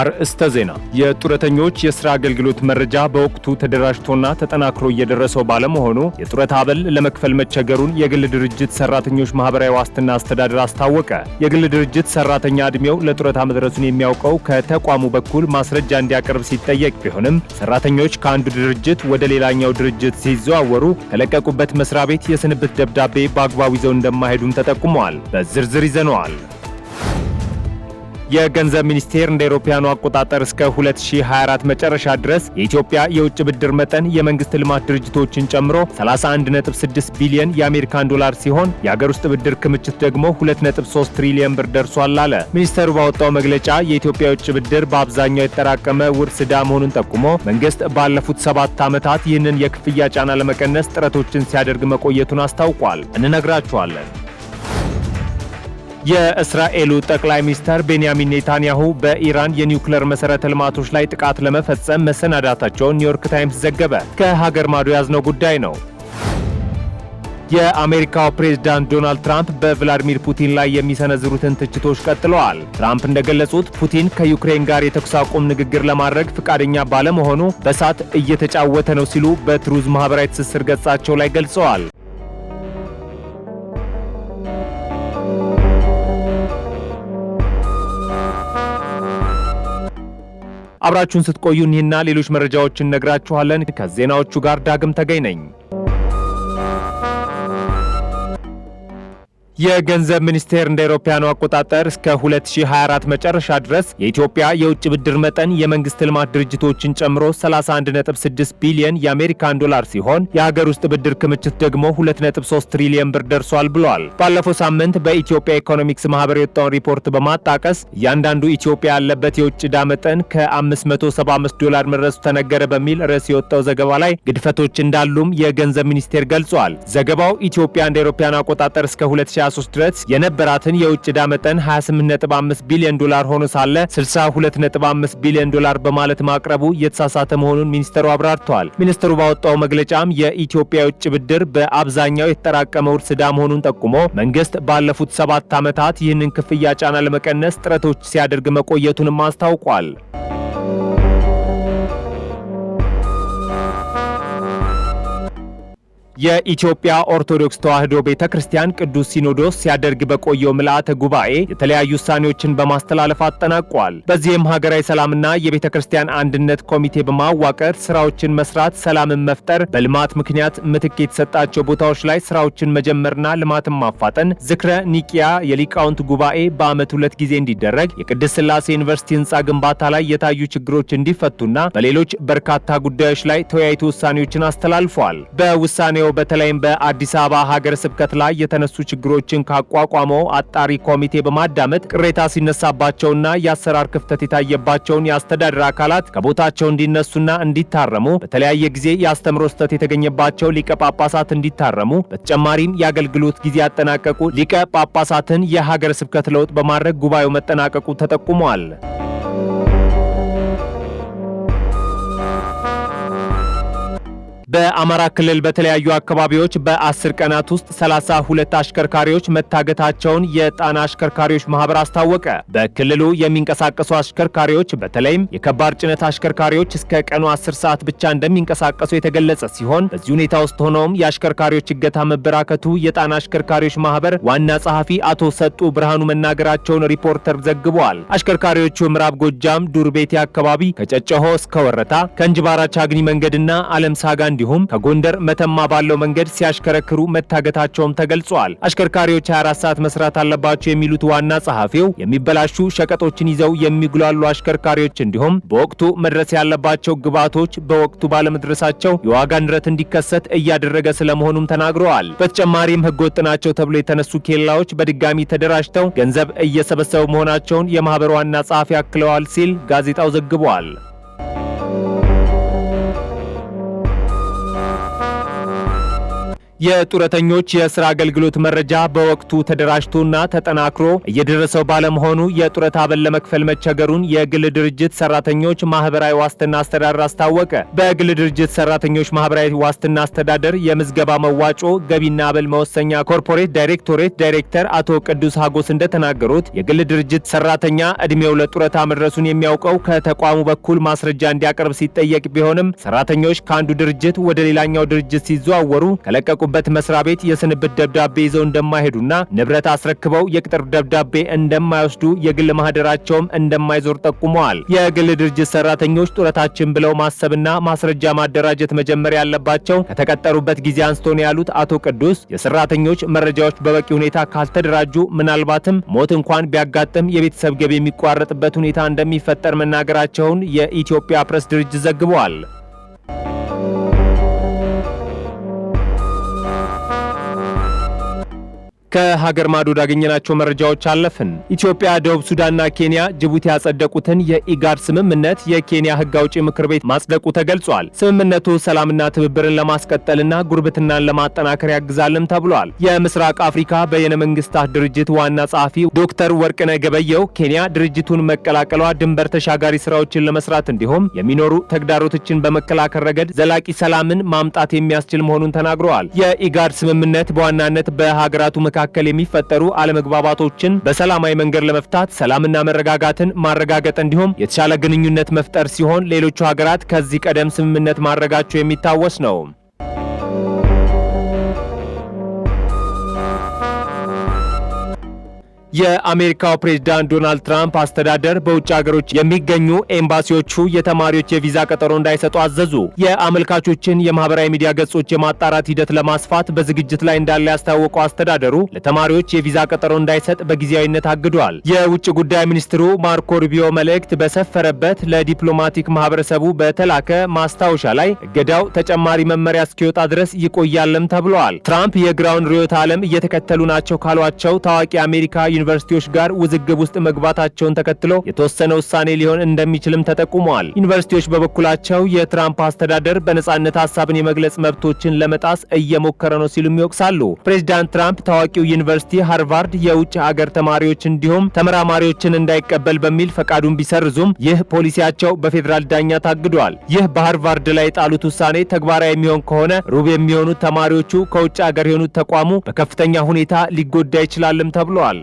አርእስተ ዜና። የጡረተኞች የስራ አገልግሎት መረጃ በወቅቱ ተደራጅቶና ተጠናክሮ እየደረሰው ባለመሆኑ የጡረታ አበል ለመክፈል መቸገሩን የግል ድርጅት ሰራተኞች ማህበራዊ ዋስትና አስተዳደር አስታወቀ። የግል ድርጅት ሰራተኛ ዕድሜው ለጡረታ መድረሱን የሚያውቀው ከተቋሙ በኩል ማስረጃ እንዲያቀርብ ሲጠየቅ ቢሆንም ሰራተኞች ከአንዱ ድርጅት ወደ ሌላኛው ድርጅት ሲዘዋወሩ ከለቀቁበት መስሪያ ቤት የስንብት ደብዳቤ በአግባቡ ይዘው እንደማይሄዱም ተጠቁመዋል። በዝርዝር ይዘነዋል። የገንዘብ ሚኒስቴር እንደ አውሮፓውያኑ አቆጣጠር እስከ 2024 መጨረሻ ድረስ የኢትዮጵያ የውጭ ብድር መጠን የመንግስት ልማት ድርጅቶችን ጨምሮ 31.6 ቢሊዮን የአሜሪካን ዶላር ሲሆን የአገር ውስጥ ብድር ክምችት ደግሞ 2.3 ትሪሊዮን ብር ደርሷል አለ። ሚኒስተሩ ባወጣው መግለጫ የኢትዮጵያ የውጭ ብድር በአብዛኛው የተጠራቀመ ውርስ ዕዳ መሆኑን ጠቁሞ መንግስት ባለፉት ሰባት ዓመታት ይህንን የክፍያ ጫና ለመቀነስ ጥረቶችን ሲያደርግ መቆየቱን አስታውቋል። እንነግራችኋለን። የእስራኤሉ ጠቅላይ ሚኒስትር ቤንያሚን ኔታንያሁ በኢራን የኒውክሌር መሰረተ ልማቶች ላይ ጥቃት ለመፈጸም መሰናዳታቸውን ኒውዮርክ ታይምስ ዘገበ። ከሀገር ማዶ ያዝነው ጉዳይ ነው። የአሜሪካው ፕሬዝዳንት ዶናልድ ትራምፕ በቭላዲሚር ፑቲን ላይ የሚሰነዝሩትን ትችቶች ቀጥለዋል። ትራምፕ እንደገለጹት ፑቲን ከዩክሬን ጋር የተኩስ አቁም ንግግር ለማድረግ ፈቃደኛ ባለመሆኑ በእሳት እየተጫወተ ነው ሲሉ በትሩዝ ማህበራዊ ትስስር ገጻቸው ላይ ገልጸዋል። አብራችሁን ስትቆዩ እኒህና ሌሎች መረጃዎችን ነግራችኋለን። ከዜናዎቹ ጋር ዳግም ተገኝ ነኝ። የገንዘብ ሚኒስቴር እንደ አውሮፓውያኑ አቆጣጠር እስከ 2024 መጨረሻ ድረስ የኢትዮጵያ የውጭ ብድር መጠን የመንግስት ልማት ድርጅቶችን ጨምሮ 31.6 ቢሊዮን የአሜሪካን ዶላር ሲሆን የሀገር ውስጥ ብድር ክምችት ደግሞ 2.3 ትሪሊዮን ብር ደርሷል ብሏል። ባለፈው ሳምንት በኢትዮጵያ ኢኮኖሚክስ ማህበር የወጣውን ሪፖርት በማጣቀስ እያንዳንዱ ኢትዮጵያ ያለበት የውጭ ዕዳ መጠን ከ575 ዶላር መድረሱ ተነገረ በሚል ርዕስ የወጣው ዘገባ ላይ ግድፈቶች እንዳሉም የገንዘብ ሚኒስቴር ገልጿል። ዘገባው ኢትዮጵያ እንደ አውሮፓውያኑ አቆጣጠር እስከ 2023 ድረስ የነበራትን የውጭ ዕዳ መጠን 285 ቢሊዮን ዶላር ሆኖ ሳለ 625 ቢሊዮን ዶላር በማለት ማቅረቡ የተሳሳተ መሆኑን ሚኒስተሩ አብራርተዋል። ሚኒስተሩ ባወጣው መግለጫም የኢትዮጵያ የውጭ ብድር በአብዛኛው የተጠራቀመ ውርስ ዕዳ መሆኑን ጠቁሞ መንግስት ባለፉት ሰባት ዓመታት ይህንን ክፍያ ጫና ለመቀነስ ጥረቶች ሲያደርግ መቆየቱንም አስታውቋል። የኢትዮጵያ ኦርቶዶክስ ተዋሕዶ ቤተ ክርስቲያን ቅዱስ ሲኖዶስ ሲያደርግ በቆየው ምልአተ ጉባኤ የተለያዩ ውሳኔዎችን በማስተላለፍ አጠናቋል። በዚህም ሀገራዊ ሰላምና የቤተ ክርስቲያን አንድነት ኮሚቴ በማዋቀር ስራዎችን መስራት፣ ሰላምን መፍጠር፣ በልማት ምክንያት ምትክ የተሰጣቸው ቦታዎች ላይ ስራዎችን መጀመርና ልማትን ማፋጠን፣ ዝክረ ኒቂያ የሊቃውንት ጉባኤ በዓመት ሁለት ጊዜ እንዲደረግ፣ የቅድስት ስላሴ ዩኒቨርሲቲ ህንፃ ግንባታ ላይ የታዩ ችግሮች እንዲፈቱና በሌሎች በርካታ ጉዳዮች ላይ ተወያይቶ ውሳኔዎችን አስተላልፏል። በውሳኔው ጉባኤው በተለይም በአዲስ አበባ ሀገረ ስብከት ላይ የተነሱ ችግሮችን ካቋቋመው አጣሪ ኮሚቴ በማዳመጥ ቅሬታ ሲነሳባቸውና የአሰራር ክፍተት የታየባቸውን የአስተዳደር አካላት ከቦታቸው እንዲነሱና እንዲታረሙ፣ በተለያየ ጊዜ የአስተምሮ ስህተት የተገኘባቸው ሊቀ ጳጳሳት እንዲታረሙ፣ በተጨማሪም የአገልግሎት ጊዜ ያጠናቀቁ ሊቀ ጳጳሳትን የሀገረ ስብከት ለውጥ በማድረግ ጉባኤው መጠናቀቁ ተጠቁመዋል። በአማራ ክልል በተለያዩ አካባቢዎች በአስር ቀናት ውስጥ ሰላሳ ሁለት አሽከርካሪዎች መታገታቸውን የጣና አሽከርካሪዎች ማህበር አስታወቀ። በክልሉ የሚንቀሳቀሱ አሽከርካሪዎች በተለይም የከባድ ጭነት አሽከርካሪዎች እስከ ቀኑ 10 ሰዓት ብቻ እንደሚንቀሳቀሱ የተገለጸ ሲሆን በዚህ ሁኔታ ውስጥ ሆኖም የአሽከርካሪዎች እገታ መበራከቱ የጣና አሽከርካሪዎች ማህበር ዋና ጸሐፊ አቶ ሰጡ ብርሃኑ መናገራቸውን ሪፖርተር ዘግቧል። አሽከርካሪዎቹ ምዕራብ ጎጃም ዱር ቤቴ አካባቢ ከጨጨሆ እስከ ወረታ ከእንጅባራ ቻግኒ መንገድና አለም ሳጋ እንዲሁ እንዲሁም ከጎንደር መተማ ባለው መንገድ ሲያሽከረክሩ መታገታቸውም ተገልጿል። አሽከርካሪዎች 24 ሰዓት መስራት አለባቸው የሚሉት ዋና ጸሐፊው የሚበላሹ ሸቀጦችን ይዘው የሚጉላሉ አሽከርካሪዎች እንዲሁም በወቅቱ መድረስ ያለባቸው ግብዓቶች በወቅቱ ባለመድረሳቸው የዋጋ ንረት እንዲከሰት እያደረገ ስለመሆኑም ተናግረዋል። በተጨማሪም ህገወጥ ናቸው ተብሎ የተነሱ ኬላዎች በድጋሚ ተደራጅተው ገንዘብ እየሰበሰቡ መሆናቸውን የማህበር ዋና ጸሐፊ አክለዋል ሲል ጋዜጣው ዘግቧል። የጡረተኞች የስራ አገልግሎት መረጃ በወቅቱ ተደራጅቶና ተጠናክሮ እየደረሰው ባለመሆኑ የጡረት አበል ለመክፈል መቸገሩን የግል ድርጅት ሰራተኞች ማህበራዊ ዋስትና አስተዳደር አስታወቀ። በግል ድርጅት ሰራተኞች ማህበራዊ ዋስትና አስተዳደር የምዝገባ መዋጮ ገቢና አበል መወሰኛ ኮርፖሬት ዳይሬክቶሬት ዳይሬክተር አቶ ቅዱስ ሀጎስ እንደተናገሩት የግል ድርጅት ሰራተኛ እድሜው ለጡረታ መድረሱን የሚያውቀው ከተቋሙ በኩል ማስረጃ እንዲያቀርብ ሲጠየቅ ቢሆንም ሰራተኞች ከአንዱ ድርጅት ወደ ሌላኛው ድርጅት ሲዘዋወሩ ከለቀቁ የሚሰሩበት መስሪያ ቤት የስንብት ደብዳቤ ይዘው እንደማይሄዱና ንብረት አስረክበው የቅጥር ደብዳቤ እንደማይወስዱ የግል ማህደራቸውም እንደማይዞር ጠቁመዋል። የግል ድርጅት ሰራተኞች ጡረታችን ብለው ማሰብና ማስረጃ ማደራጀት መጀመር ያለባቸው ከተቀጠሩበት ጊዜ አንስቶ ነው ያሉት አቶ ቅዱስ የሰራተኞች መረጃዎች በበቂ ሁኔታ ካልተደራጁ ምናልባትም ሞት እንኳን ቢያጋጥም የቤተሰብ ገቢ የሚቋረጥበት ሁኔታ እንደሚፈጠር መናገራቸውን የኢትዮጵያ ፕሬስ ድርጅት ዘግቧል። ከሀገር ማዶ ያገኘናቸው መረጃዎች አለፍን። ኢትዮጵያ፣ ደቡብ ሱዳንና ኬንያ ጅቡቲ ያጸደቁትን የኢጋድ ስምምነት የኬንያ ሕግ አውጪ ምክር ቤት ማጽደቁ ተገልጿል። ስምምነቱ ሰላምና ትብብርን ለማስቀጠልና ጉርብትናን ለማጠናከር ያግዛልም ተብሏል። የምስራቅ አፍሪካ በየነ መንግስታት ድርጅት ዋና ጸሐፊ ዶክተር ወርቅነህ ገበየሁ ኬንያ ድርጅቱን መቀላቀሏ ድንበር ተሻጋሪ ስራዎችን ለመስራት እንዲሁም የሚኖሩ ተግዳሮቶችን በመከላከል ረገድ ዘላቂ ሰላምን ማምጣት የሚያስችል መሆኑን ተናግረዋል። የኢጋድ ስምምነት በዋናነት በሀገራቱ መካከል መካከል የሚፈጠሩ አለመግባባቶችን በሰላማዊ መንገድ ለመፍታት ሰላምና መረጋጋትን ማረጋገጥ እንዲሁም የተሻለ ግንኙነት መፍጠር ሲሆን ሌሎቹ ሀገራት ከዚህ ቀደም ስምምነት ማድረጋቸው የሚታወስ ነው። የአሜሪካው ፕሬዝዳንት ዶናልድ ትራምፕ አስተዳደር በውጭ ሀገሮች የሚገኙ ኤምባሲዎቹ የተማሪዎች የቪዛ ቀጠሮ እንዳይሰጡ አዘዙ። የአመልካቾችን የማህበራዊ ሚዲያ ገጾች የማጣራት ሂደት ለማስፋት በዝግጅት ላይ እንዳለ ያስታወቁ አስተዳደሩ ለተማሪዎች የቪዛ ቀጠሮ እንዳይሰጥ በጊዜያዊነት አግዷል። የውጭ ጉዳይ ሚኒስትሩ ማርኮ ሩቢዮ መልእክት በሰፈረበት ለዲፕሎማቲክ ማህበረሰቡ በተላከ ማስታወሻ ላይ እገዳው ተጨማሪ መመሪያ እስኪወጣ ድረስ ይቆያልም ተብለዋል። ትራምፕ የግራውን ርዕዮተ ዓለም እየተከተሉ ናቸው ካሏቸው ታዋቂ አሜሪካ ዩኒቨርሲቲዎች ጋር ውዝግብ ውስጥ መግባታቸውን ተከትሎ የተወሰነ ውሳኔ ሊሆን እንደሚችልም ተጠቁመዋል። ዩኒቨርሲቲዎች በበኩላቸው የትራምፕ አስተዳደር በነጻነት ሀሳብን የመግለጽ መብቶችን ለመጣስ እየሞከረ ነው ሲሉም ይወቅሳሉ። ፕሬዚዳንት ትራምፕ ታዋቂው ዩኒቨርሲቲ ሃርቫርድ የውጭ ሀገር ተማሪዎች እንዲሁም ተመራማሪዎችን እንዳይቀበል በሚል ፈቃዱን ቢሰርዙም ይህ ፖሊሲያቸው በፌዴራል ዳኛ ታግዷል። ይህ በሃርቫርድ ላይ የጣሉት ውሳኔ ተግባራዊ የሚሆን ከሆነ ሩብ የሚሆኑት ተማሪዎቹ ከውጭ ሀገር የሆኑት ተቋሙ በከፍተኛ ሁኔታ ሊጎዳ ይችላልም ተብሏል።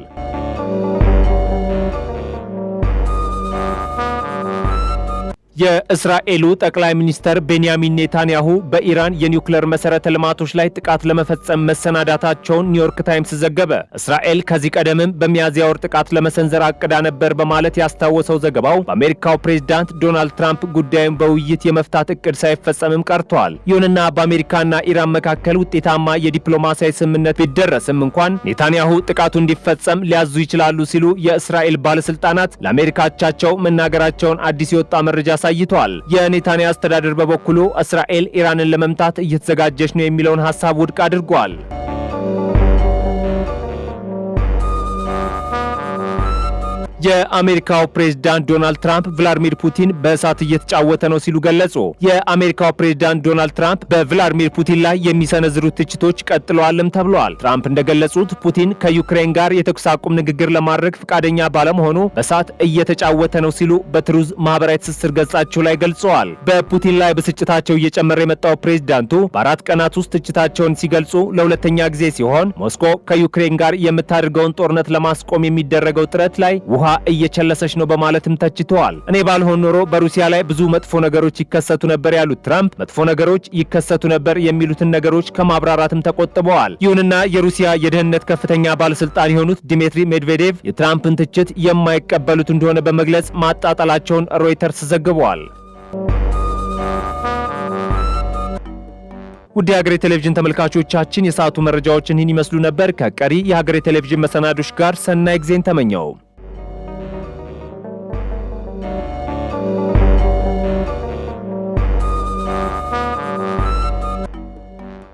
የእስራኤሉ ጠቅላይ ሚኒስተር ቤንያሚን ኔታንያሁ በኢራን የኒውክሌር መሰረተ ልማቶች ላይ ጥቃት ለመፈጸም መሰናዳታቸውን ኒውዮርክ ታይምስ ዘገበ። እስራኤል ከዚህ ቀደምም በሚያዝያ ወር ጥቃት ለመሰንዘር አቅዳ ነበር በማለት ያስታወሰው ዘገባው በአሜሪካው ፕሬዝዳንት ዶናልድ ትራምፕ ጉዳዩን በውይይት የመፍታት እቅድ ሳይፈጸምም ቀርቷል። ይሁንና በአሜሪካና ኢራን መካከል ውጤታማ የዲፕሎማሲያዊ ስምምነት ቢደረስም እንኳን ኔታንያሁ ጥቃቱ እንዲፈጸም ሊያዙ ይችላሉ ሲሉ የእስራኤል ባለስልጣናት ለአሜሪካቻቸው መናገራቸውን አዲስ የወጣ መረጃ አሳይቷል። የኔታንያ አስተዳደር በበኩሉ እስራኤል ኢራንን ለመምታት እየተዘጋጀች ነው የሚለውን ሀሳብ ውድቅ አድርጓል። የአሜሪካው ፕሬዝዳንት ዶናልድ ትራምፕ ቭላድሚር ፑቲን በእሳት እየተጫወተ ነው ሲሉ ገለጹ። የአሜሪካው ፕሬዝዳንት ዶናልድ ትራምፕ በቭላድሚር ፑቲን ላይ የሚሰነዝሩት ትችቶች ቀጥለዋልም ተብለዋል። ትራምፕ እንደገለጹት ፑቲን ከዩክሬን ጋር የተኩስ አቁም ንግግር ለማድረግ ፈቃደኛ ባለመሆኑ በእሳት እየተጫወተ ነው ሲሉ በትሩዝ ማህበራዊ ትስስር ገጻቸው ላይ ገልጸዋል። በፑቲን ላይ ብስጭታቸው እየጨመረ የመጣው ፕሬዝዳንቱ በአራት ቀናት ውስጥ ትችታቸውን ሲገልጹ ለሁለተኛ ጊዜ ሲሆን ሞስኮ ከዩክሬን ጋር የምታደርገውን ጦርነት ለማስቆም የሚደረገው ጥረት ላይ ውሃ እየቸለሰች ነው በማለትም ተችተዋል። እኔ ባልሆን ኖሮ በሩሲያ ላይ ብዙ መጥፎ ነገሮች ይከሰቱ ነበር ያሉት ትራምፕ መጥፎ ነገሮች ይከሰቱ ነበር የሚሉትን ነገሮች ከማብራራትም ተቆጥበዋል። ይሁንና የሩሲያ የደህንነት ከፍተኛ ባለስልጣን የሆኑት ዲሜትሪ ሜድቬዴቭ የትራምፕን ትችት የማይቀበሉት እንደሆነ በመግለጽ ማጣጣላቸውን ሮይተርስ ዘግቧል። ውድ የሀገሬ ቴሌቪዥን ተመልካቾቻችን የሰዓቱ መረጃዎችን ይህን ይመስሉ ነበር። ከቀሪ የሀገሬ ቴሌቪዥን መሰናዶች ጋር ሰናይ ጊዜን ተመኘው።